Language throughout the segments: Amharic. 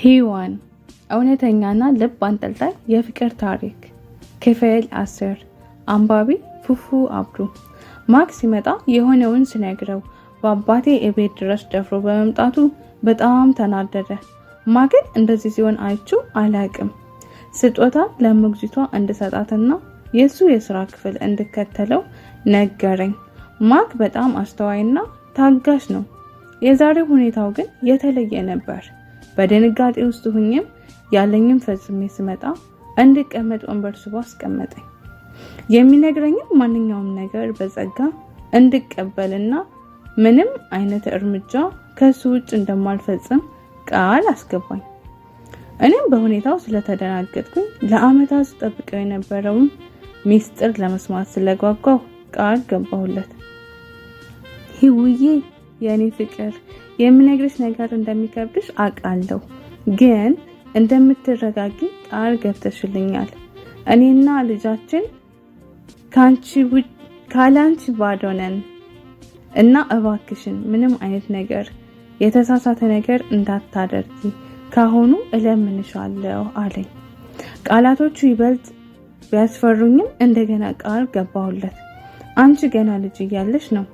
ሔዋን እውነተኛና ልብ አንጠልጣይ የፍቅር ታሪክ ክፍል አስር አንባቢ ፉፉ አብዱ። ማክስ ሲመጣ የሆነውን ስነግረው በአባቴ እቤት ድረስ ደፍሮ በመምጣቱ በጣም ተናደደ። ማግን እንደዚህ ሲሆን አይቼው አላቅም። ስጦታ ለሞግዚቷ እንድሰጣትና የእሱ የስራ ክፍል እንድከተለው ነገረኝ። ማክ በጣም አስተዋይና ታጋሽ ነው። የዛሬው ሁኔታው ግን የተለየ ነበር። በድንጋጤ ውስጥ ሁኝም ያለኝም ፈጽሜ ስመጣ እንድቀመጥ ወንበር ስቦ አስቀመጠኝ። የሚነግረኝም ማንኛውም ነገር በጸጋ እንድቀበልና ምንም አይነት እርምጃ ከሱ ውጭ እንደማልፈጽም ቃል አስገባኝ። እኔም በሁኔታው ስለተደናገጥኩኝ ለአመታት ስጠብቀው የነበረውን ሚስጥር ለመስማት ስለጓጓው ቃል ገባሁለት። ህውዬ የእኔ ፍቅር የምነግርሽ ነገር እንደሚከብድሽ አውቃለሁ፣ ግን እንደምትረጋጊ ቃል ገብተሽልኛል። እኔና ልጃችን ካላንቺ ባዶ ነን እና እባክሽን ምንም አይነት ነገር የተሳሳተ ነገር እንዳታደርጊ ካሁኑ እለምንሻለሁ አለኝ። ቃላቶቹ ይበልጥ ቢያስፈሩኝም እንደገና ቃል ገባሁለት። አንቺ ገና ልጅ እያለሽ ነው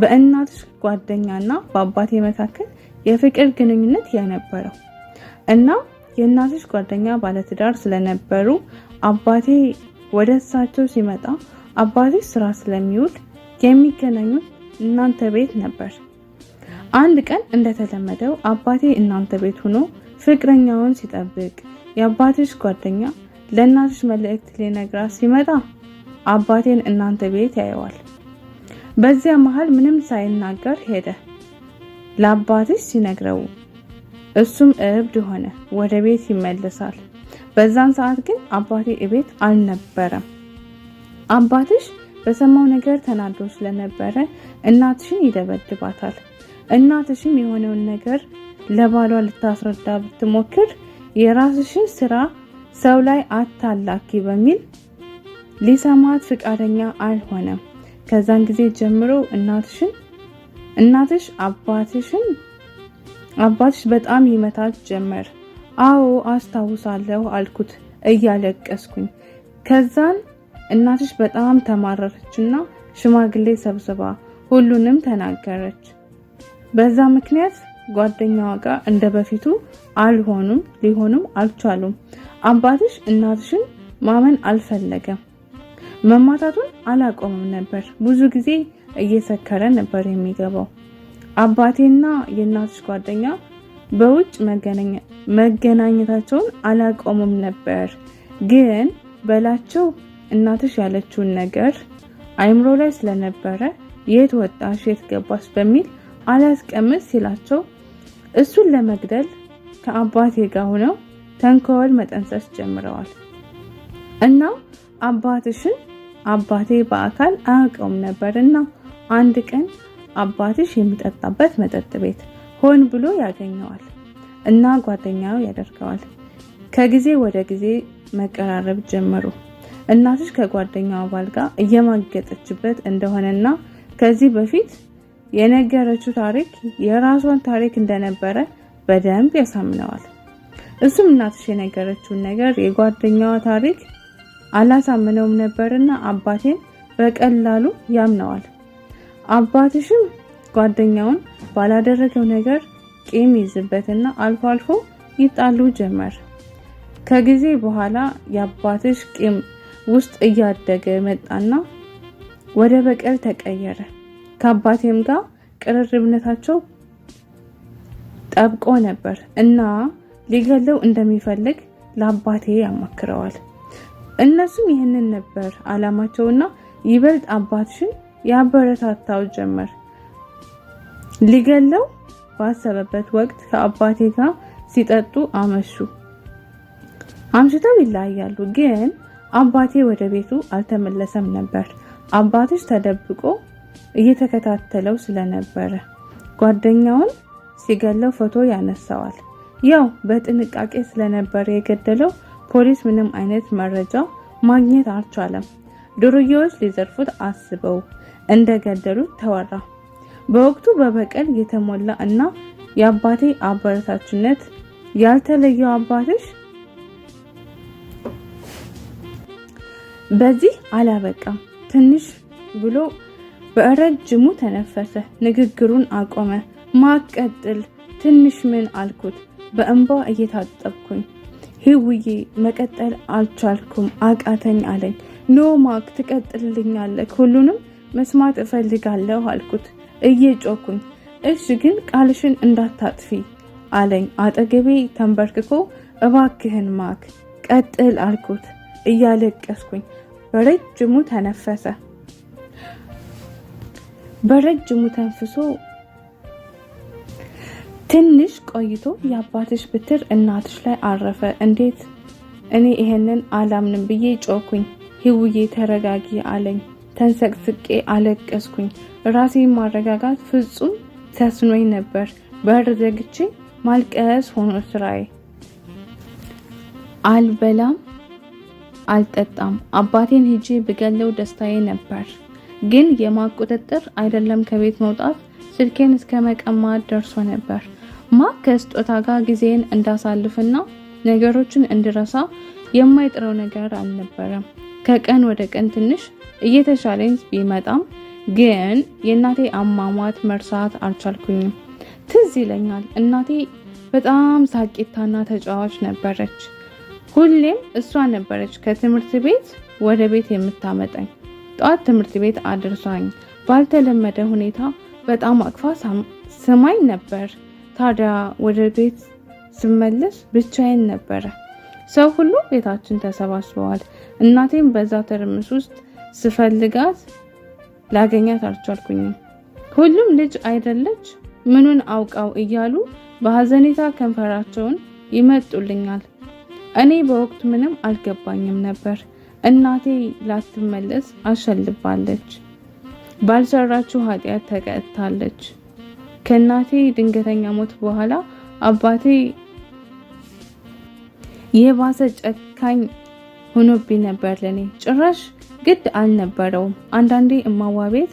በእናትሽ ጓደኛና በአባቴ መካከል የፍቅር ግንኙነት የነበረው እና የእናትሽ ጓደኛ ባለትዳር ስለነበሩ አባቴ ወደ እሳቸው ሲመጣ አባቴ ስራ ስለሚውል የሚገናኙት እናንተ ቤት ነበር። አንድ ቀን እንደተለመደው አባቴ እናንተ ቤት ሆኖ ፍቅረኛውን ሲጠብቅ የአባትሽ ጓደኛ ለእናትሽ መልእክት ሊነግራት ሲመጣ አባቴን እናንተ ቤት ያየዋል። በዚያ መሃል ምንም ሳይናገር ሄደ። ለአባትሽ ሲነግረው እሱም እብድ ሆነ፣ ወደ ቤት ይመለሳል። በዛን ሰዓት ግን አባቴ እቤት አልነበረም። አባትሽ በሰማው ነገር ተናዶ ስለነበረ እናትሽን ይደበድባታል። እናትሽም የሆነውን ነገር ለባሏ ልታስረዳ ብትሞክር የራስሽን ስራ ሰው ላይ አታላኪ በሚል ሊሰማት ፍቃደኛ አልሆነም። ከዛን ጊዜ ጀምሮ እናትሽን እናትሽ አባትሽን አባትሽ በጣም ይመታት ጀመር። አዎ አስታውሳለሁ አልኩት እያለቀስኩኝ። ከዛን እናትሽ በጣም ተማረረችና ሽማግሌ ሰብስባ ሁሉንም ተናገረች። በዛ ምክንያት ጓደኛዋ ጋር እንደ በፊቱ አልሆኑም ሊሆኑም አልቻሉም። አባትሽ እናትሽን ማመን አልፈለገም። መማታቱን አላቆምም ነበር። ብዙ ጊዜ እየሰከረ ነበር የሚገባው። አባቴና የእናትሽ ጓደኛ በውጭ መገናኘታቸውን አላቆምም ነበር። ግን በላቸው እናትሽ ያለችውን ነገር አይምሮ ላይ ስለነበረ የት ወጣሽ የት ገባሽ በሚል አላስቀምስ ሲላቸው እሱን ለመግደል ከአባቴ ጋር ሆነው ተንኮል መጠንሰስ ጀምረዋል እና አባትሽን አባቴ በአካል አያውቀውም ነበርና አንድ ቀን አባትሽ የሚጠጣበት መጠጥ ቤት ሆን ብሎ ያገኘዋል እና ጓደኛው ያደርገዋል። ከጊዜ ወደ ጊዜ መቀራረብ ጀመሩ። እናትሽ ከጓደኛው አባል ጋር እየማገጠችበት እንደሆነና ከዚህ በፊት የነገረችው ታሪክ የራሷን ታሪክ እንደነበረ በደንብ ያሳምነዋል። እሱም እናትሽ የነገረችውን ነገር የጓደኛዋ ታሪክ አላሳምነውም ነበርና አባቴን በቀላሉ ያምነዋል። አባትሽም ጓደኛውን ባላደረገው ነገር ቂም ይዝበትና አልፎ አልፎ ይጣሉ ጀመር። ከጊዜ በኋላ የአባትሽ ቂም ውስጥ እያደገ መጣና ወደ በቀል ተቀየረ። ከአባቴም ጋር ቅርርብነታቸው ጠብቆ ነበር እና ሊገለው እንደሚፈልግ ለአባቴ ያማክረዋል። እነሱም ይህንን ነበር አላማቸውና ይበልጥ አባትሽን ያበረታታው ጀመር። ሊገለው ባሰበበት ወቅት ከአባቴ ጋር ሲጠጡ አመሹ። አምሽተው ይለያያሉ፣ ግን አባቴ ወደ ቤቱ አልተመለሰም ነበር። አባትሽ ተደብቆ እየተከታተለው ስለነበረ ጓደኛውን ሲገለው ፎቶ ያነሳዋል። ያው በጥንቃቄ ስለነበረ የገደለው ፖሊስ ምንም አይነት መረጃ ማግኘት አልቻለም። ዱርዬዎች ሊዘርፉት አስበው እንደገደሉት ተወራ። በወቅቱ በበቀል የተሞላ እና የአባቴ አበረታችነት ያልተለየው አባትሽ በዚህ አላበቃም። ትንሽ ብሎ በረጅሙ ተነፈሰ። ንግግሩን አቆመ። ማቀጥል ትንሽ ምን አልኩት፣ በእንባ እየታጠብኩኝ ህውዬ መቀጠል አልቻልኩም አቃተኝ አለኝ። ኖ ማክ ትቀጥልልኛለህ፣ ሁሉንም መስማት እፈልጋለሁ አልኩት እየጮኩኝ። እሺ ግን ቃልሽን እንዳታጥፊ አለኝ አጠገቤ ተንበርክኮ። እባክህን ማክ ቀጥል አልኩት እያለቀስኩኝ። በረጅሙ ተነፈሰ። በረጅሙ ተንፍሶ ትንሽ ቆይቶ የአባትሽ ብትር እናትሽ ላይ አረፈ። እንዴት? እኔ ይሄንን አላምንም ብዬ ጮኩኝ። ህውዬ ተረጋጊ አለኝ። ተንሰቅስቄ አለቀስኩኝ። ራሴን ማረጋጋት ፍጹም ተስኖኝ ነበር። በር ዘግቼ ማልቀስ ሆኖ ስራዬ። አልበላም አልጠጣም። አባቴን ሄጄ ብገለው ደስታዬ ነበር። ግን የማቁጥጥር አይደለም ከቤት መውጣት ስልኬን እስከ መቀማት ደርሶ ነበር። ማክ ከስጦታ ጋር ጊዜን እንዳሳልፍና ነገሮችን እንድረሳ የማይጥረው ነገር አልነበረም። ከቀን ወደ ቀን ትንሽ እየተሻለኝ ቢመጣም ግን የእናቴ አሟሟት መርሳት አልቻልኩኝም። ትዝ ይለኛል እናቴ በጣም ሳቂታና ተጫዋች ነበረች። ሁሌም እሷ ነበረች ከትምህርት ቤት ወደ ቤት የምታመጣኝ። ጠዋት ትምህርት ቤት አድርሷኝ ባልተለመደ ሁኔታ በጣም አቅፋ ስማኝ ነበር። ታዲያ ወደ ቤት ስመለስ ብቻዬን ነበረ። ሰው ሁሉ ቤታችን ተሰባስበዋል። እናቴም በዛ ትርምስ ውስጥ ስፈልጋት ላገኛት አልቻልኩኝም። ሁሉም ልጅ አይደለች ምኑን አውቃው እያሉ በሐዘኔታ ከንፈራቸውን ይመጡልኛል። እኔ በወቅቱ ምንም አልገባኝም ነበር። እናቴ ላትመለስ አሸልባለች። ባልሰራችው ኃጢአት ተቀጥታለች። ከእናቴ ድንገተኛ ሞት በኋላ አባቴ የባሰ ጨካኝ ሆኖብኝ ነበር። ለኔ ጭራሽ ግድ አልነበረውም። አንዳንዴ እማዋ ቤት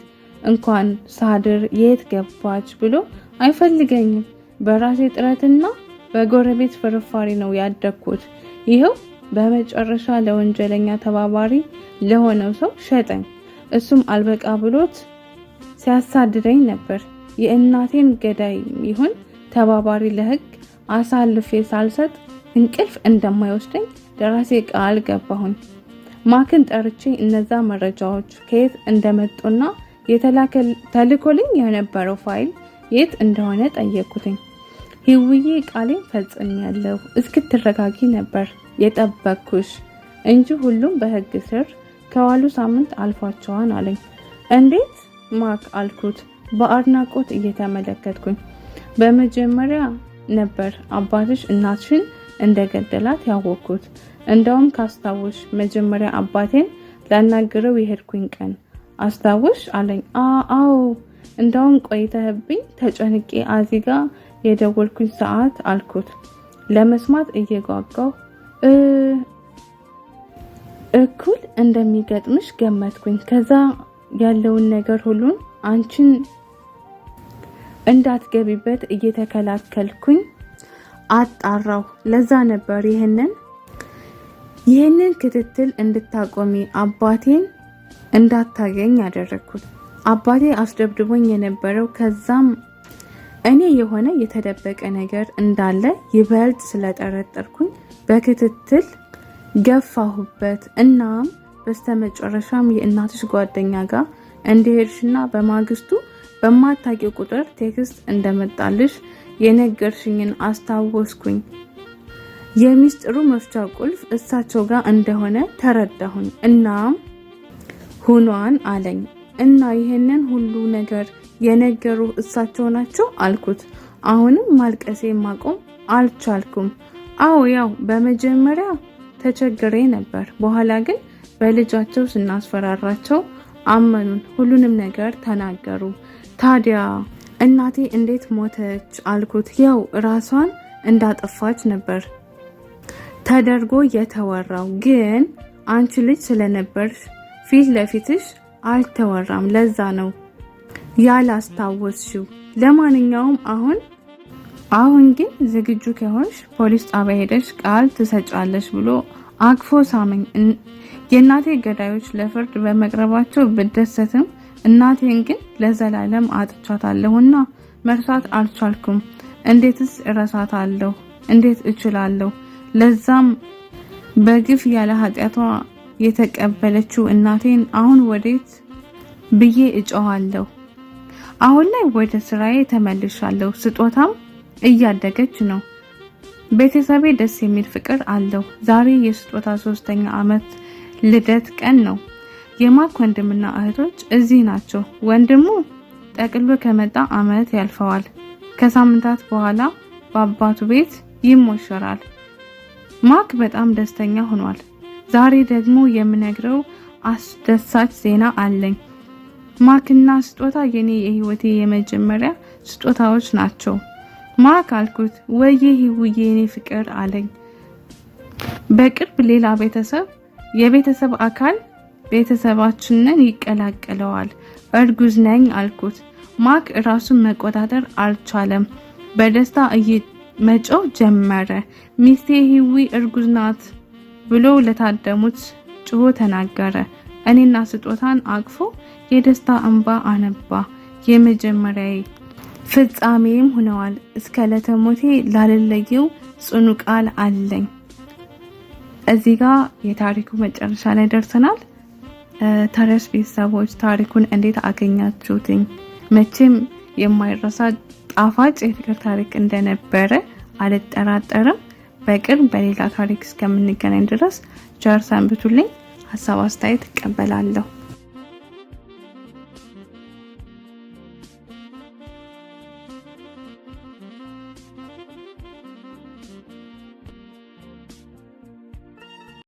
እንኳን ሳድር የት ገባች ብሎ አይፈልገኝም። በራሴ ጥረትና በጎረቤት ፍርፋሪ ነው ያደግኩት። ይኸው በመጨረሻ ለወንጀለኛ ተባባሪ ለሆነው ሰው ሸጠኝ። እሱም አልበቃ ብሎት ሲያሳድደኝ ነበር። የእናቴን ገዳይ ይሁን ተባባሪ ለህግ አሳልፌ ሳልሰጥ እንቅልፍ እንደማይወስደኝ ለራሴ ቃል ገባሁኝ። ማክን ጠርቼ እነዛ መረጃዎች ከየት እንደመጡና ተልኮልኝ የነበረው ፋይል የት እንደሆነ ጠየኩትኝ። ህውዬ ቃሌን ፈጽሜያለሁ፣ እስክትረጋጊ ነበር የጠበኩሽ እንጂ ሁሉም በህግ ስር ከዋሉ ሳምንት አልፏቸዋን አለኝ። እንዴት ማክ አልኩት። በአድናቆት እየተመለከትኩኝ በመጀመሪያ ነበር አባትሽ እናትሽን እንደገደላት ያወቅኩት። እንደውም ካስታወሽ መጀመሪያ አባቴን ላናግረው የሄድኩኝ ቀን አስታወሽ አለኝ። አዎ እንደውም ቆይተህብኝ ተጨንቄ አዚጋ የደወልኩኝ ሰዓት አልኩት ለመስማት እየጓጓው እኩል እንደሚገጥምሽ ገመትኩኝ። ከዛ ያለውን ነገር ሁሉን አንቺን እንዳትገቢበት እየተከላከልኩኝ አጣራሁ። ለዛ ነበር ይህንን ይህንን ክትትል እንድታቆሚ አባቴን እንዳታገኝ ያደረግኩት። አባቴ አስደብድቦኝ የነበረው ከዛም እኔ የሆነ የተደበቀ ነገር እንዳለ ይበልጥ ስለጠረጠርኩኝ በክትትል ገፋሁበት። እናም በስተመጨረሻም የእናትሽ ጓደኛ ጋር እንደሄድሽና በማግስቱ በማታውቂው ቁጥር ቴክስት እንደመጣልሽ የነገርሽኝን አስታወስኩኝ። የሚስጥሩ መፍቻ ቁልፍ እሳቸው ጋር እንደሆነ ተረዳሁኝ። እናም ሁኗን አለኝ እና ይሄንን ሁሉ ነገር የነገሩ እሳቸው ናቸው አልኩት። አሁንም ማልቀሴ ማቆም አልቻልኩም። አዎ ያው በመጀመሪያ ተቸግሬ ነበር። በኋላ ግን በልጃቸው ስናስፈራራቸው አመኑን፣ ሁሉንም ነገር ተናገሩ። ታዲያ እናቴ እንዴት ሞተች አልኩት። ያው ራሷን እንዳጠፋች ነበር ተደርጎ የተወራው፣ ግን አንቺ ልጅ ስለነበርሽ ፊት ለፊትሽ አልተወራም። ለዛ ነው ያላስታወስሽው። ለማንኛውም አሁን አሁን ግን ዝግጁ ከሆንሽ ፖሊስ ጣቢያ ሄደሽ ቃል ትሰጫለሽ ብሎ አቅፎ ሳመኝ። የእናቴ ገዳዮች ለፍርድ በመቅረባቸው ብደሰትም እናቴን ግን ለዘላለም አጥቻታለሁና መርሳት አልቻልኩም። እንዴትስ እረሳታለሁ? እንዴት እችላለሁ? ለዛም በግፍ ያለ ኃጢአቷ የተቀበለችው እናቴን አሁን ወዴት ብዬ እጨዋለሁ። አሁን ላይ ወደ ስራዬ ተመልሻለሁ። ስጦታም እያደገች ነው። ቤተሰቤ ደስ የሚል ፍቅር አለው። ዛሬ የስጦታ ሶስተኛ አመት ልደት ቀን ነው። የማርክ ወንድምና እህቶች እዚህ ናቸው። ወንድሙ ጠቅሎ ከመጣ አመት ያልፈዋል። ከሳምንታት በኋላ በአባቱ ቤት ይሞሸራል። ማርክ በጣም ደስተኛ ሆኗል። ዛሬ ደግሞ የምነግረው አስደሳች ዜና አለኝ። ማርክና ስጦታ የኔ የህይወቴ የመጀመሪያ ስጦታዎች ናቸው። ማርክ አልኩት፣ ወይዬ ህውዬ የኔ ፍቅር አለኝ። በቅርብ ሌላ ቤተሰብ የቤተሰብ አካል ቤተሰባችንን ይቀላቀለዋል። እርጉዝ ነኝ አልኩት። ማክ ራሱን መቆጣጠር አልቻለም። በደስታ መጮህ ጀመረ። ሚስቴ ሂዊ እርጉዝ ናት ብሎ ለታደሙት ጭሆ ተናገረ። እኔና ስጦታን አቅፎ የደስታ እንባ አነባ። የመጀመሪያዬ ፍጻሜም ሆነዋል። እስከ ለተሞቴ ላልለየው ጽኑ ቃል አለኝ። እዚህ ጋር የታሪኩ መጨረሻ ላይ ደርሰናል። ተረስ ቤተሰቦች ታሪኩን እንዴት አገኛችሁትኝ? መቼም የማይረሳ ጣፋጭ የፍቅር ታሪክ እንደነበረ አልጠራጠርም። በቅርብ በሌላ ታሪክ እስከምንገናኝ ድረስ ጀርሰን ብቱልኝ ሀሳብ አስተያየት እቀበላለሁ።